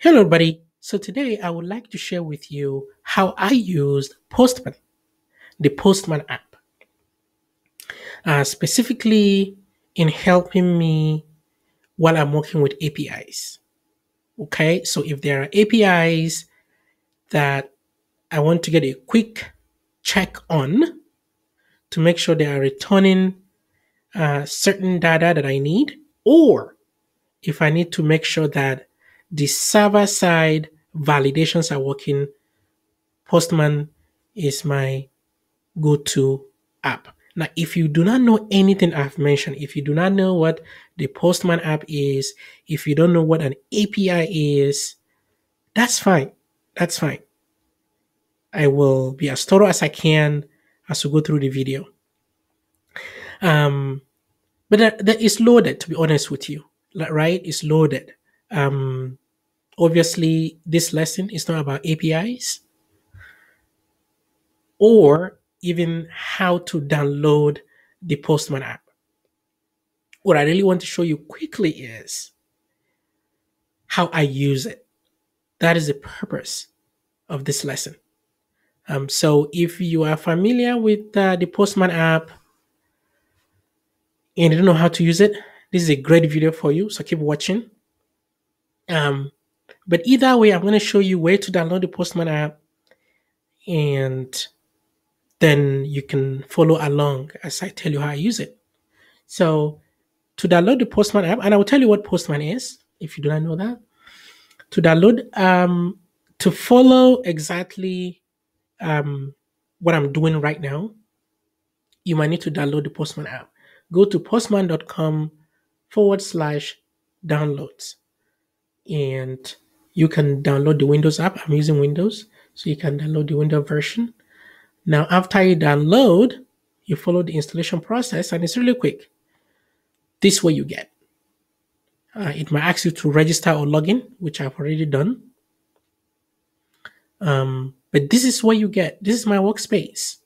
Hello, everybody. So today I would like to share with you how I used Postman, the Postman app, uh, specifically in helping me while I'm working with APIs. Okay, so if there are APIs that I want to get a quick check on to make sure they are returning uh, certain data that I need, or if I need to make sure that the server side validations are working, Postman is my go to app. Now, if you do not know anything I've mentioned, if you do not know what the Postman app is, if you don't know what an API is, that's fine. That's fine. I will be as thorough as I can as we go through the video. Um, but that, that is loaded, to be honest with you, right? It's loaded. Um, obviously, this lesson is not about APIs or even how to download the Postman app. What I really want to show you quickly is how I use it. That is the purpose of this lesson. Um, so if you are familiar with uh, the Postman app and you don't know how to use it, this is a great video for you. So keep watching. Um, but either way, I'm going to show you where to download the Postman app and then you can follow along as I tell you how I use it. So to download the Postman app, and I will tell you what Postman is if you do not know that. To download, um, to follow exactly um, what I'm doing right now, you might need to download the Postman app. Go to postman.com forward slash downloads and you can download the Windows app. I'm using Windows, so you can download the Windows version. Now, after you download, you follow the installation process, and it's really quick. This way you get. Uh, it might ask you to register or login, which I've already done. Um, but this is what you get. This is my workspace.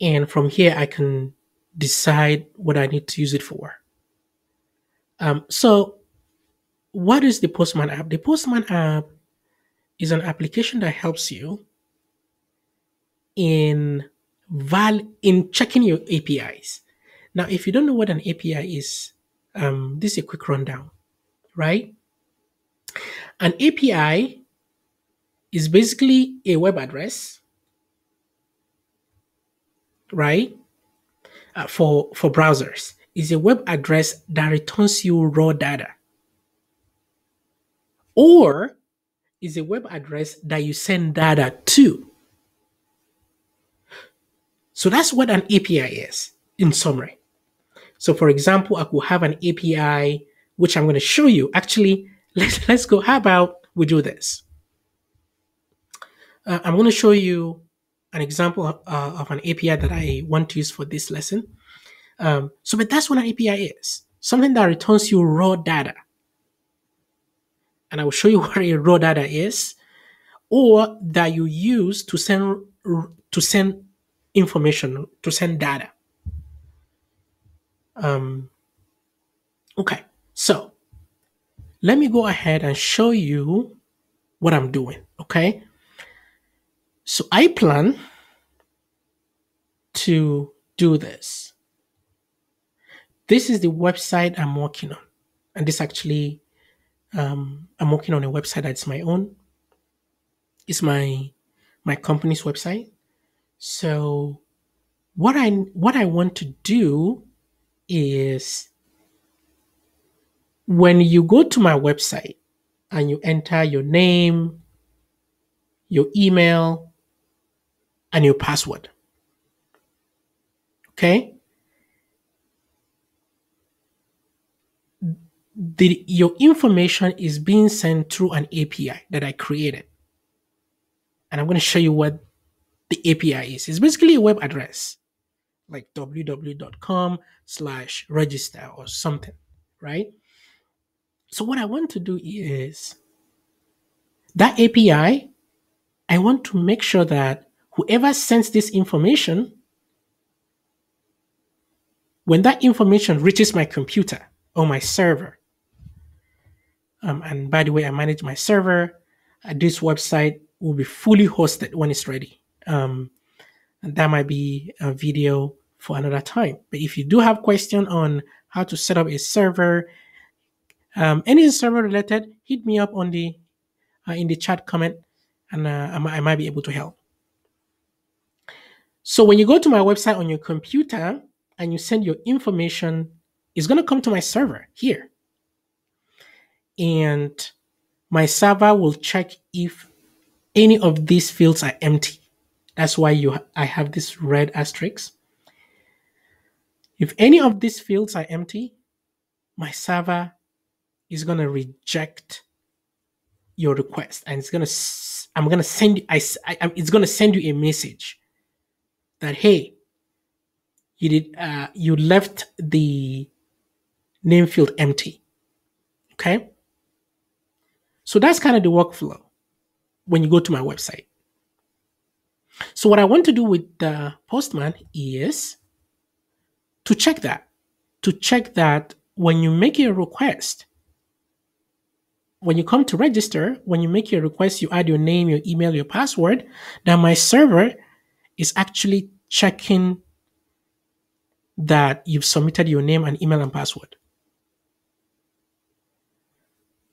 And from here, I can decide what I need to use it for. Um, so what is the Postman app? The Postman app is an application that helps you in val in checking your APIs. Now, if you don't know what an API is, um, this is a quick rundown, right? An API is basically a web address, right? Uh, for for browsers, is a web address that returns you raw data or is a web address that you send data to. So that's what an API is in summary. So, for example, I could have an API which I'm going to show you. Actually, let's, let's go. How about we do this? Uh, I'm going to show you an example of, uh, of, an API that I want to use for this lesson. Um, so, but that's what an API is something that returns you raw data and I will show you where a raw data is, or that you use to send to send information to send data. Um, okay, so let me go ahead and show you what I'm doing. Okay, so I plan to do this. This is the website I'm working on, and this actually um, I'm working on a website that's my own. It's my my company's website. So what I what I want to do is when you go to my website and you enter your name, your email, and your password. Okay? the, your information is being sent through an API that I created. And I'm going to show you what the API is. It's basically a web address, like www.com slash register or something, right? So what I want to do is that API, I want to make sure that whoever sends this information, when that information reaches my computer or my server, um, and by the way, I manage my server. Uh, this website will be fully hosted when it's ready. Um, and that might be a video for another time. But if you do have question on how to set up a server, um, any server related, hit me up on the uh, in the chat comment, and uh, I might be able to help. So when you go to my website on your computer and you send your information, it's gonna come to my server here and my server will check if any of these fields are empty. That's why you I have this red asterisk. If any of these fields are empty, my server is going to reject your request and it's going to I'm going to send you I, I it's going to send you a message that hey you did uh, you left the name field empty. Okay? So that's kind of the workflow when you go to my website. So what I want to do with the Postman is to check that, to check that when you make a request, when you come to register, when you make your request, you add your name, your email, your password, then my server is actually checking that you've submitted your name and email and password.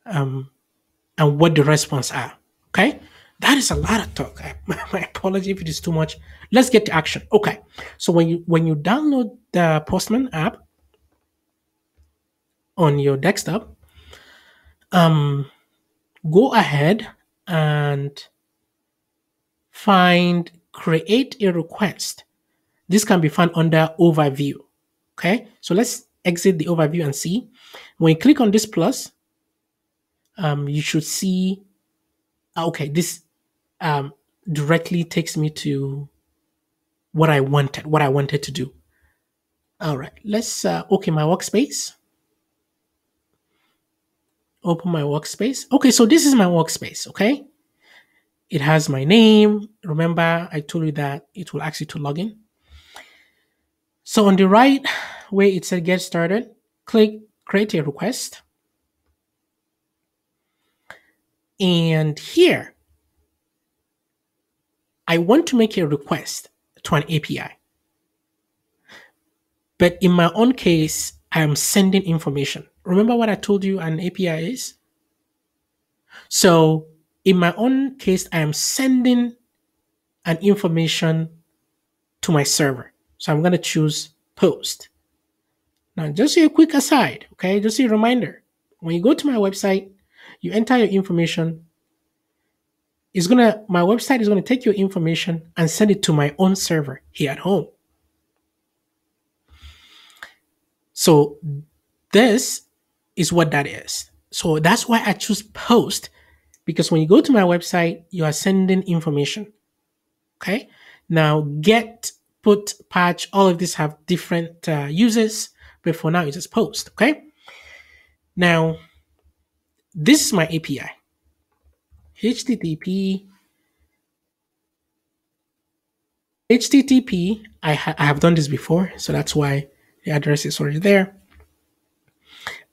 Um, and what the response are. Okay. That is a lot of talk. I, my apology if it is too much. Let's get to action. Okay. So when you when you download the Postman app on your desktop, um, go ahead and find create a request. This can be found under overview. Okay. So let's exit the overview and see. When you click on this plus, um, you should see, uh, okay, this um, directly takes me to what I wanted, what I wanted to do. All right, let's uh, okay my workspace. Open my workspace. Okay, so this is my workspace. Okay, it has my name. Remember, I told you that it will ask you to log in. So on the right, where it said get started, click create a request. And here, I want to make a request to an API. But in my own case, I am sending information. Remember what I told you an API is? So in my own case, I am sending an information to my server. So I'm going to choose post. Now, just a quick aside, okay? Just a reminder. When you go to my website, you enter your information it's gonna my website is gonna take your information and send it to my own server here at home so this is what that is so that's why i choose post because when you go to my website you are sending information okay now get put patch all of these have different uh, uses but for now you just post okay now this is my API. HTTP HTTP, I, ha I have done this before, so that's why the address is already there.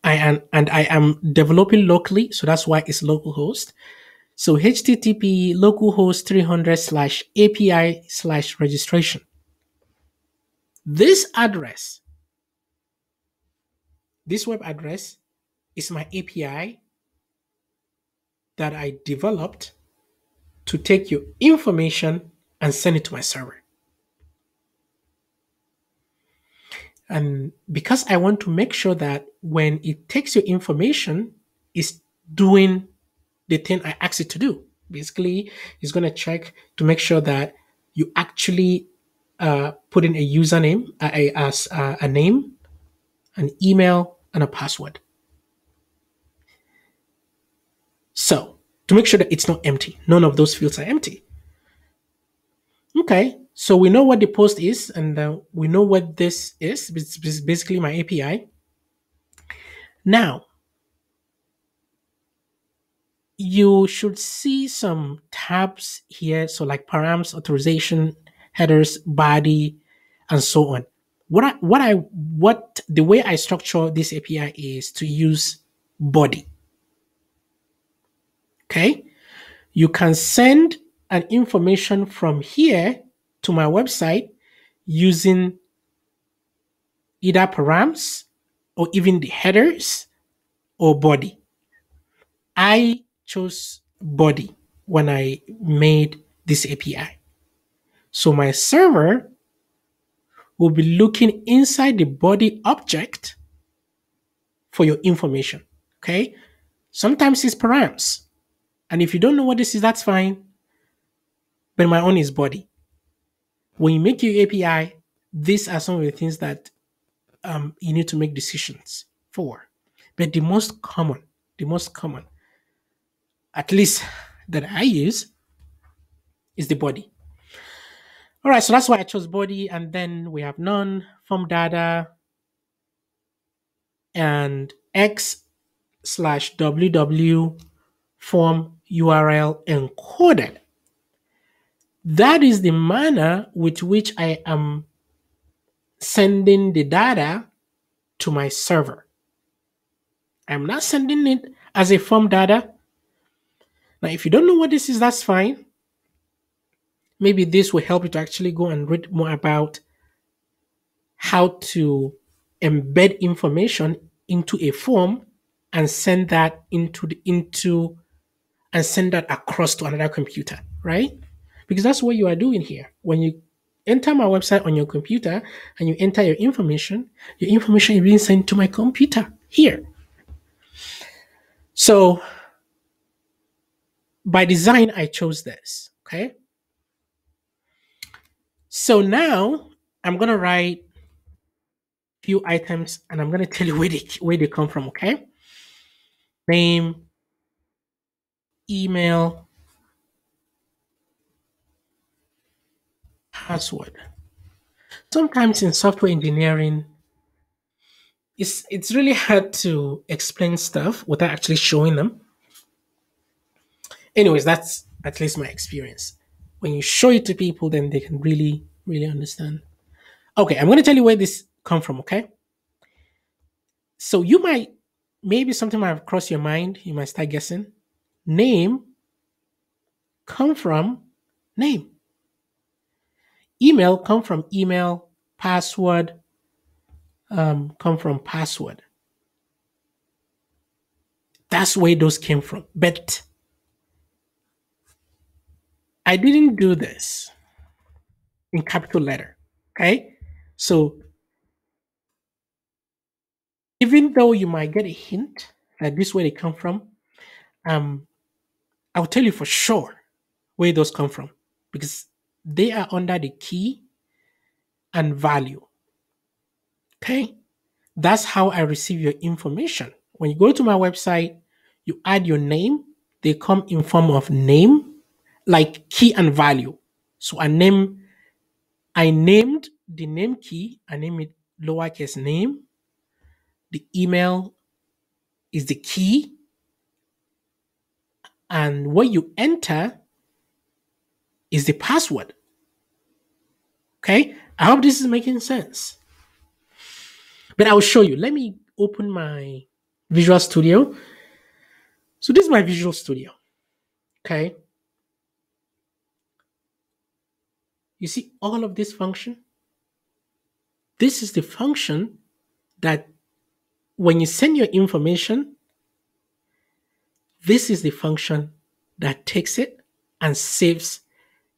I am, and I am developing locally, so that's why it's localhost. So HTTP localhost 300 slash API slash registration. This address, this web address is my API that I developed to take your information and send it to my server. And because I want to make sure that when it takes your information, it's doing the thing I asked it to do. Basically, it's going to check to make sure that you actually uh, put in a username, a, a, a, a name, an email, and a password. So to make sure that it's not empty, none of those fields are empty. Okay, so we know what the post is and uh, we know what this is. It's basically my API. Now, you should see some tabs here. So like params, authorization, headers, body, and so on. What I, what I, what the way I structure this API is to use body. Okay. You can send an information from here to my website using either params or even the headers or body. I chose body when I made this API. So my server will be looking inside the body object for your information. Okay. Sometimes it's params. And if you don't know what this is, that's fine. But my own is body. When you make your API, these are some of the things that um, you need to make decisions for. But the most common, the most common, at least that I use, is the body. All right, so that's why I chose body. And then we have none, form data, and x slash ww form URL encoded. That is the manner with which I am sending the data to my server. I'm not sending it as a form data. Now, if you don't know what this is, that's fine. Maybe this will help you to actually go and read more about how to embed information into a form and send that into the, into and send that across to another computer, right? Because that's what you are doing here. When you enter my website on your computer and you enter your information, your information is being sent to my computer here. So by design, I chose this. Okay. So now I'm going to write few items and I'm going to tell you where they, where they come from. Okay. Name, email, password. Sometimes in software engineering, it's, it's really hard to explain stuff without actually showing them. Anyways, that's at least my experience. When you show it to people, then they can really, really understand. Okay, I'm going to tell you where this come from, okay? So you might, maybe something might have crossed your mind. You might start guessing name come from name. Email come from email. Password um, come from password. That's where those came from. But I didn't do this in capital letter. Okay. So even though you might get a hint that this where they come from, um, I'll tell you for sure where those come from because they are under the key and value. Okay? That's how I receive your information. When you go to my website, you add your name, they come in form of name, like key and value. So I name I named the name key, I name it lowercase name. The email is the key and what you enter is the password. Okay, I hope this is making sense. But I'll show you. Let me open my Visual Studio. So this is my Visual Studio. Okay. You see all of this function? This is the function that when you send your information this is the function that takes it and saves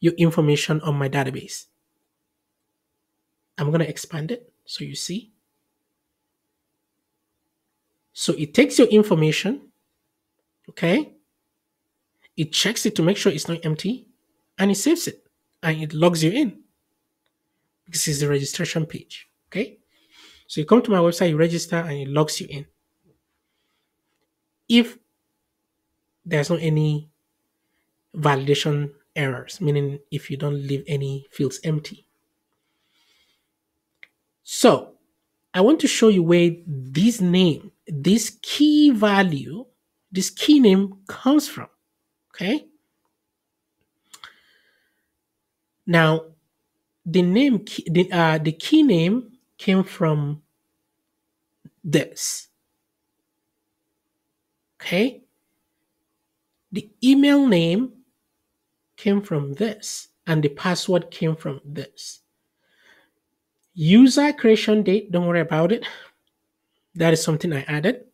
your information on my database. I'm going to expand it so you see. So it takes your information, okay? It checks it to make sure it's not empty and it saves it and it logs you in. This is the registration page, okay? So you come to my website, you register and it logs you in. If there's not any validation errors, meaning if you don't leave any fields empty. So I want to show you where this name, this key value, this key name comes from. Okay. Now, the name, the, uh, the key name came from this. Okay. The email name came from this and the password came from this. User creation date, don't worry about it. That is something I added.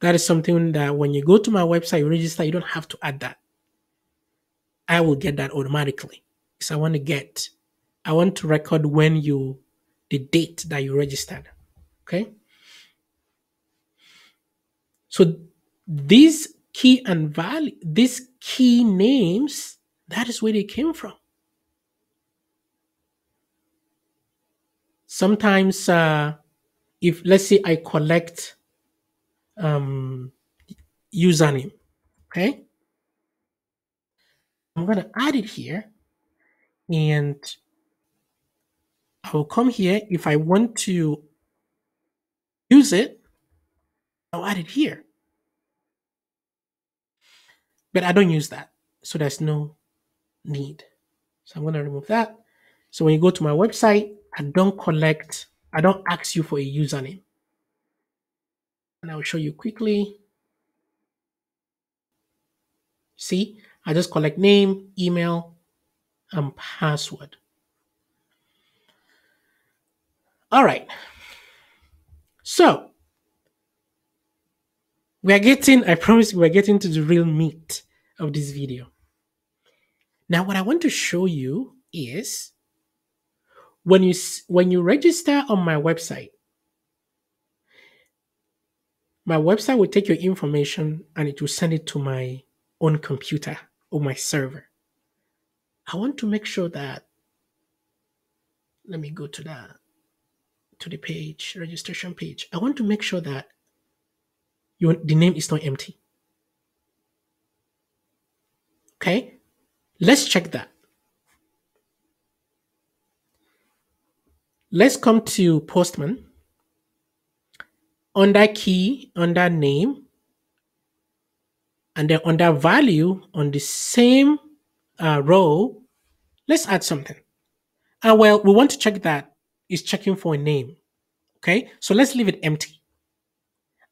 That is something that when you go to my website, you register, you don't have to add that. I will get that automatically because I want to get, I want to record when you, the date that you registered. Okay. So these key and value, these key names, that is where they came from. Sometimes, uh, if let's say I collect um, username, okay, I'm gonna add it here, and I will come here if I want to use it. I'll add it here but I don't use that. So there's no need. So I'm going to remove that. So when you go to my website, I don't collect, I don't ask you for a username. And I'll show you quickly. See, I just collect name, email, and password. All right. So we are getting, I promise we're getting to the real meat of this video. Now, what I want to show you is when you, when you register on my website, my website will take your information and it will send it to my own computer or my server. I want to make sure that, let me go to that, to the page, registration page. I want to make sure that your, the name is not empty. Okay, let's check that. Let's come to Postman. Under key, under name, and then under value on the same uh, row, let's add something. Ah, well, we want to check that is checking for a name. Okay, so let's leave it empty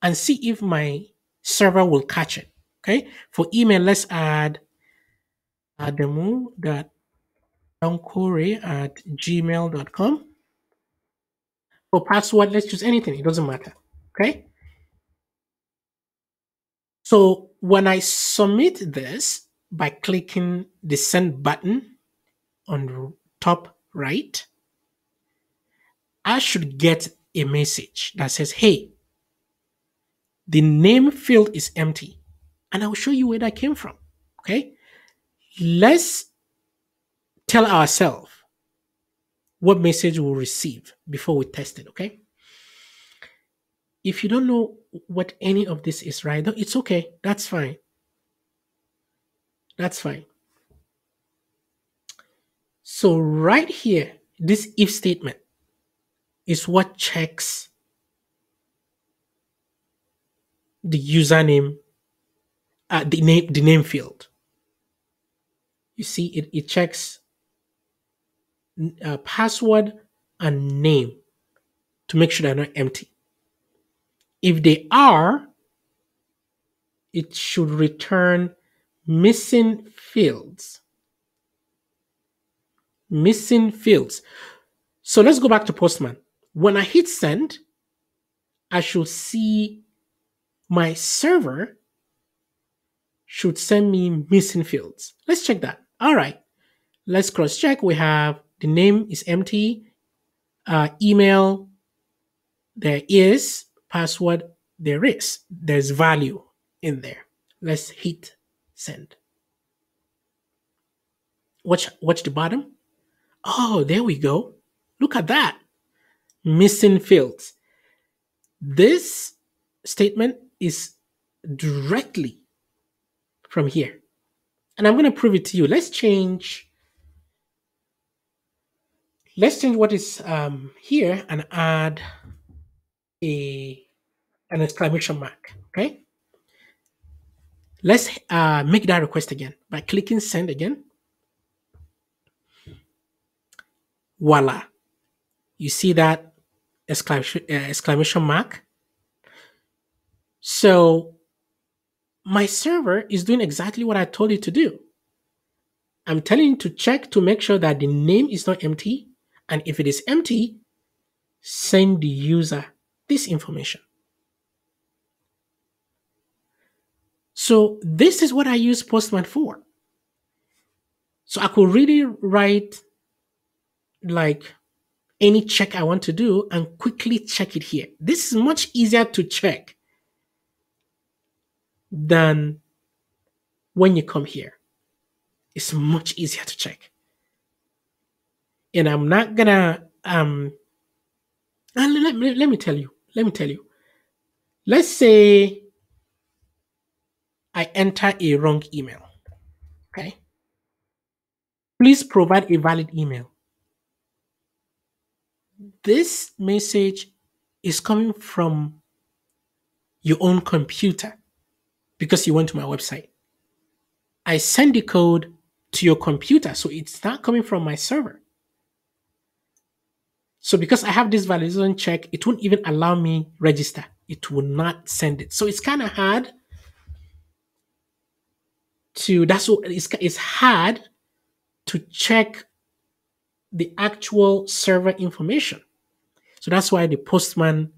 and see if my server will catch it. Okay. For email, let's add ademu.donkore at gmail.com. For password, let's choose anything. It doesn't matter. Okay. So when I submit this by clicking the send button on the top right, I should get a message that says, Hey, the name field is empty. And I'll show you where that came from. Okay. Let's tell ourselves what message we'll receive before we test it. Okay. If you don't know what any of this is right it's okay. That's fine. That's fine. So, right here, this if statement is what checks the username, uh, the name, the name field. You see, it, it checks uh, password and name to make sure they're not empty. If they are, it should return missing fields. Missing fields. So let's go back to Postman. When I hit send, I should see my server should send me missing fields. Let's check that. All right. Let's cross check. We have the name is empty. Uh, email there is. Password there is. There's value in there. Let's hit send. Watch, watch the bottom. Oh, there we go. Look at that. Missing fields. This statement is directly from here. And I'm going to prove it to you. Let's change. Let's change what is um, here and add a an exclamation mark. Okay. Let's uh, make that request again by clicking send again. Voila. You see that exclamation, uh, exclamation mark? So my server is doing exactly what I told it to do. I'm telling it to check to make sure that the name is not empty. And if it is empty, send the user this information. So this is what I use Postman for. So I could really write like any check I want to do and quickly check it here. This is much easier to check than when you come here. It's much easier to check. And I'm not gonna um and let, let, let me tell you, let me tell you. Let's say I enter a wrong email. Okay. Please provide a valid email. This message is coming from your own computer because you went to my website. I send the code to your computer, so it's not coming from my server. So because I have this validation check, it won't even allow me register. It will not send it. So it's kind of hard to that's what it's, it's hard to check the actual server information. So that's why the postman,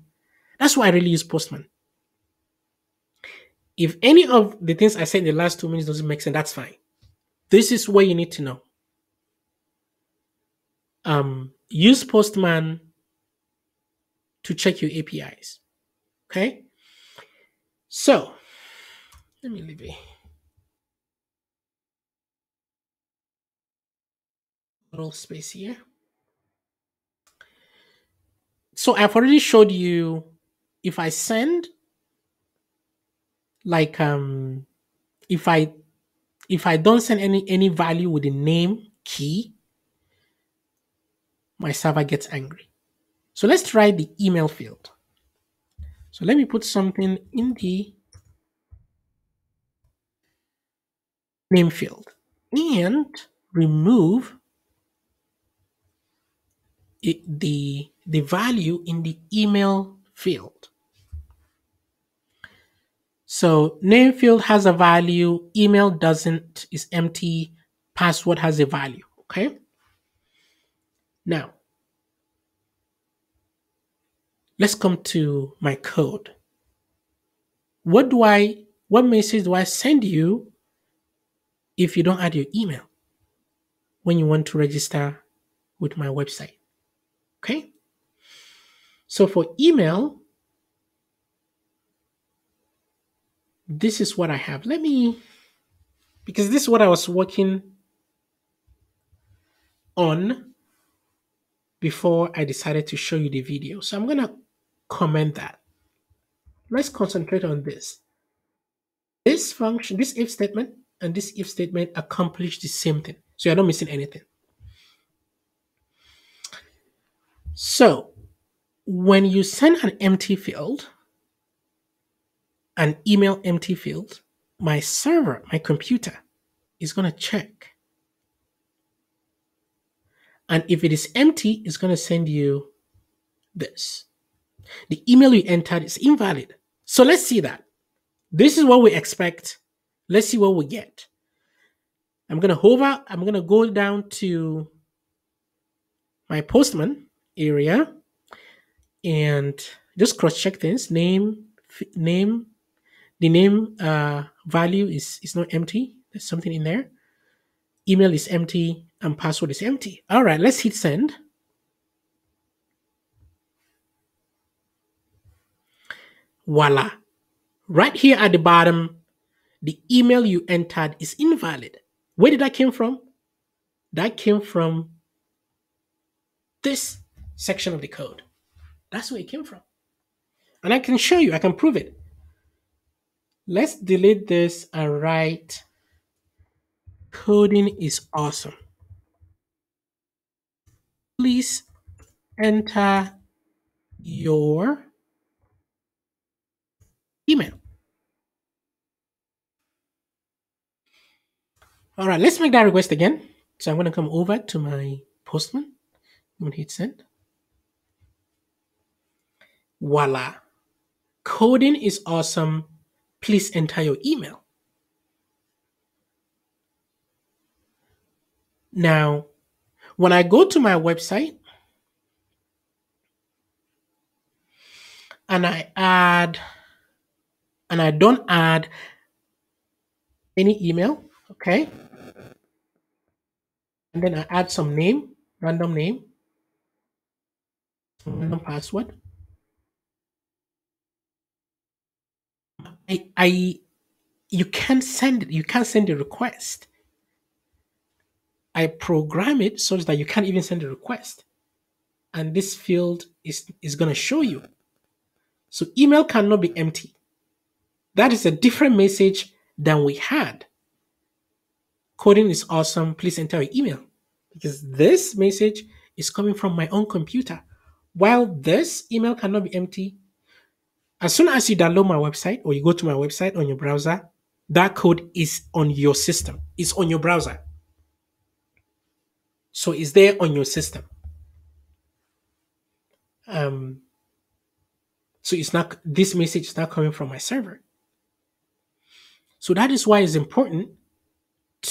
that's why I really use postman. If any of the things I said in the last two minutes doesn't make sense, that's fine. This is what you need to know. Um, use Postman to check your APIs. Okay? So, let me leave it. Little space here. So I've already showed you if I send like um if I if I don't send any any value with the name key, my server gets angry. So let's try the email field. So let me put something in the name field and remove it, the, the value in the email field. So name field has a value, email doesn't, is empty, password has a value, okay? Now, let's come to my code. What do I, what message do I send you if you don't add your email when you want to register with my website? Okay. So for email, this is what I have. Let me, because this is what I was working on before I decided to show you the video. So I'm going to comment that. Let's concentrate on this. This function, this if statement and this if statement accomplish the same thing. So you're not missing anything. So when you send an empty field, an email empty field, my server, my computer, is going to check. And if it is empty, it's going to send you this. The email you entered is invalid. So let's see that. This is what we expect. Let's see what we get. I'm going to hover. I'm going to go down to my postman area and just cross check things. Name, name, the name uh, value is, is not empty. There's something in there. Email is empty and password is empty. All right, let's hit send. Voila. Right here at the bottom, the email you entered is invalid. Where did that came from? That came from this section of the code. That's where it came from. And I can show you, I can prove it. Let's delete this and write coding is awesome. Please enter your email. All right, let's make that request again. So I'm going to come over to my postman. I'm going to hit send. Voila. Coding is awesome please enter your email. Now, when I go to my website and I add, and I don't add any email, okay? And then I add some name, random name, random password. I, I, you can send you can't send a request. I program it so that you can't even send a request, and this field is is going to show you. So email cannot be empty. That is a different message than we had. Coding is awesome. Please enter your email because this message is coming from my own computer. While this email cannot be empty, as soon as you download my website or you go to my website on your browser, that code is on your system. It's on your browser. So it's there on your system. Um, so it's not this message is not coming from my server. So that is why it's important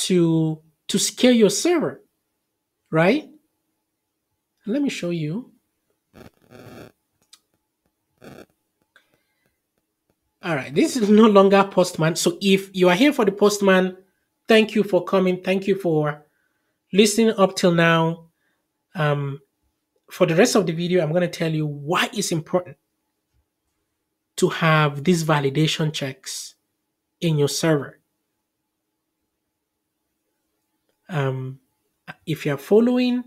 to to scale your server, right? Let me show you. All right, this is no longer postman. So if you are here for the postman, thank you for coming. Thank you for listening up till now. Um, for the rest of the video, I'm going to tell you why it's important to have these validation checks in your server. Um, if you're following,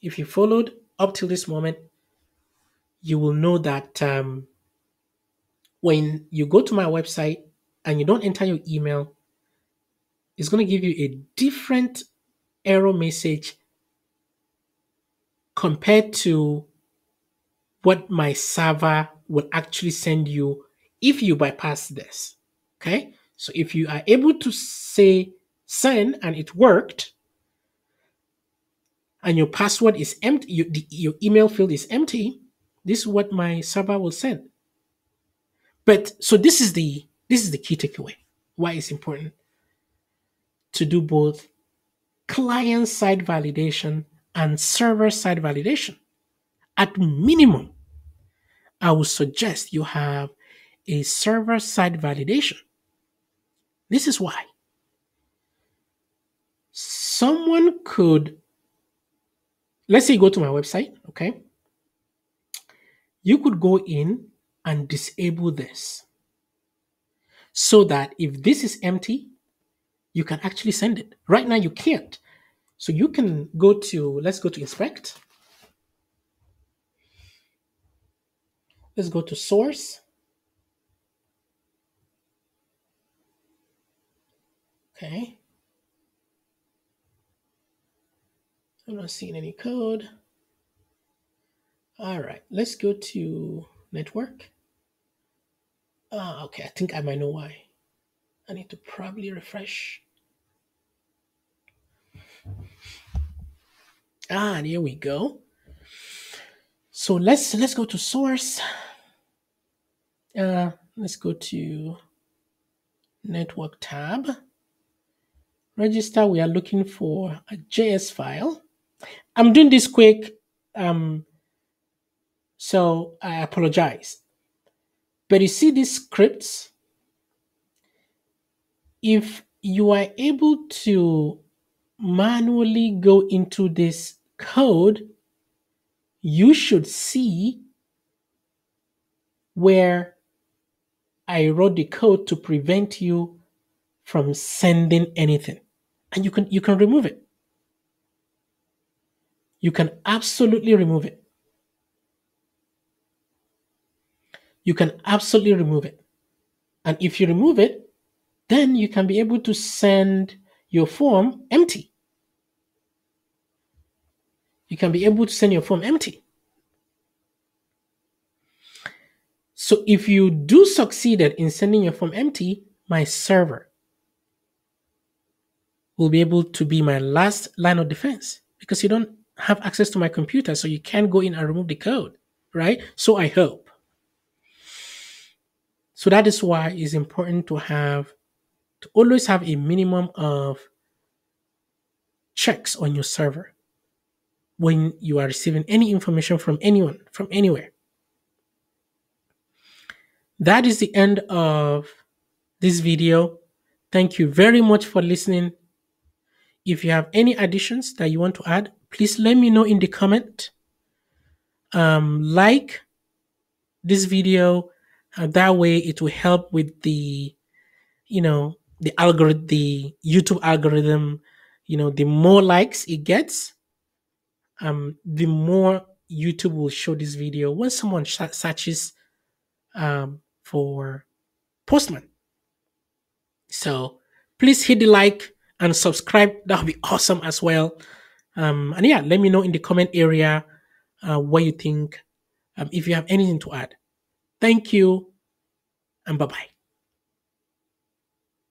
if you followed up till this moment, you will know that um, when you go to my website and you don't enter your email, it's going to give you a different error message compared to what my server will actually send you if you bypass this. Okay. So if you are able to say send and it worked, and your password is empty, you, the, your email field is empty, this is what my server will send. But so this is the this is the key takeaway. Why it's important to do both client side validation and server side validation. At minimum, I would suggest you have a server side validation. This is why. Someone could, let's say, go to my website, okay? You could go in and disable this so that if this is empty, you can actually send it. Right now, you can't. So you can go to, let's go to inspect. Let's go to source. Okay. I'm not seeing any code. All right, let's go to network. Ah, okay. I think I might know why. I need to probably refresh. Ah, and here we go. So let's let's go to source. Uh, let's go to network tab. Register. We are looking for a JS file. I'm doing this quick. Um, so I apologize. But you see these scripts, if you are able to manually go into this code, you should see where I wrote the code to prevent you from sending anything. And you can you can remove it. You can absolutely remove it. you can absolutely remove it. And if you remove it, then you can be able to send your form empty. You can be able to send your form empty. So if you do succeeded in sending your form empty, my server will be able to be my last line of defense because you don't have access to my computer, so you can't go in and remove the code, right? So I hope. So that is why it's important to have to always have a minimum of checks on your server when you are receiving any information from anyone, from anywhere. That is the end of this video. Thank you very much for listening. If you have any additions that you want to add, please let me know in the comment. Um, like this video uh, that way, it will help with the, you know, the algorithm, the YouTube algorithm. You know, the more likes it gets, um, the more YouTube will show this video when someone searches um, for Postman. So please hit the like and subscribe. That would be awesome as well. Um, and yeah, let me know in the comment area uh, what you think. Um, if you have anything to add. Thank you and bye bye.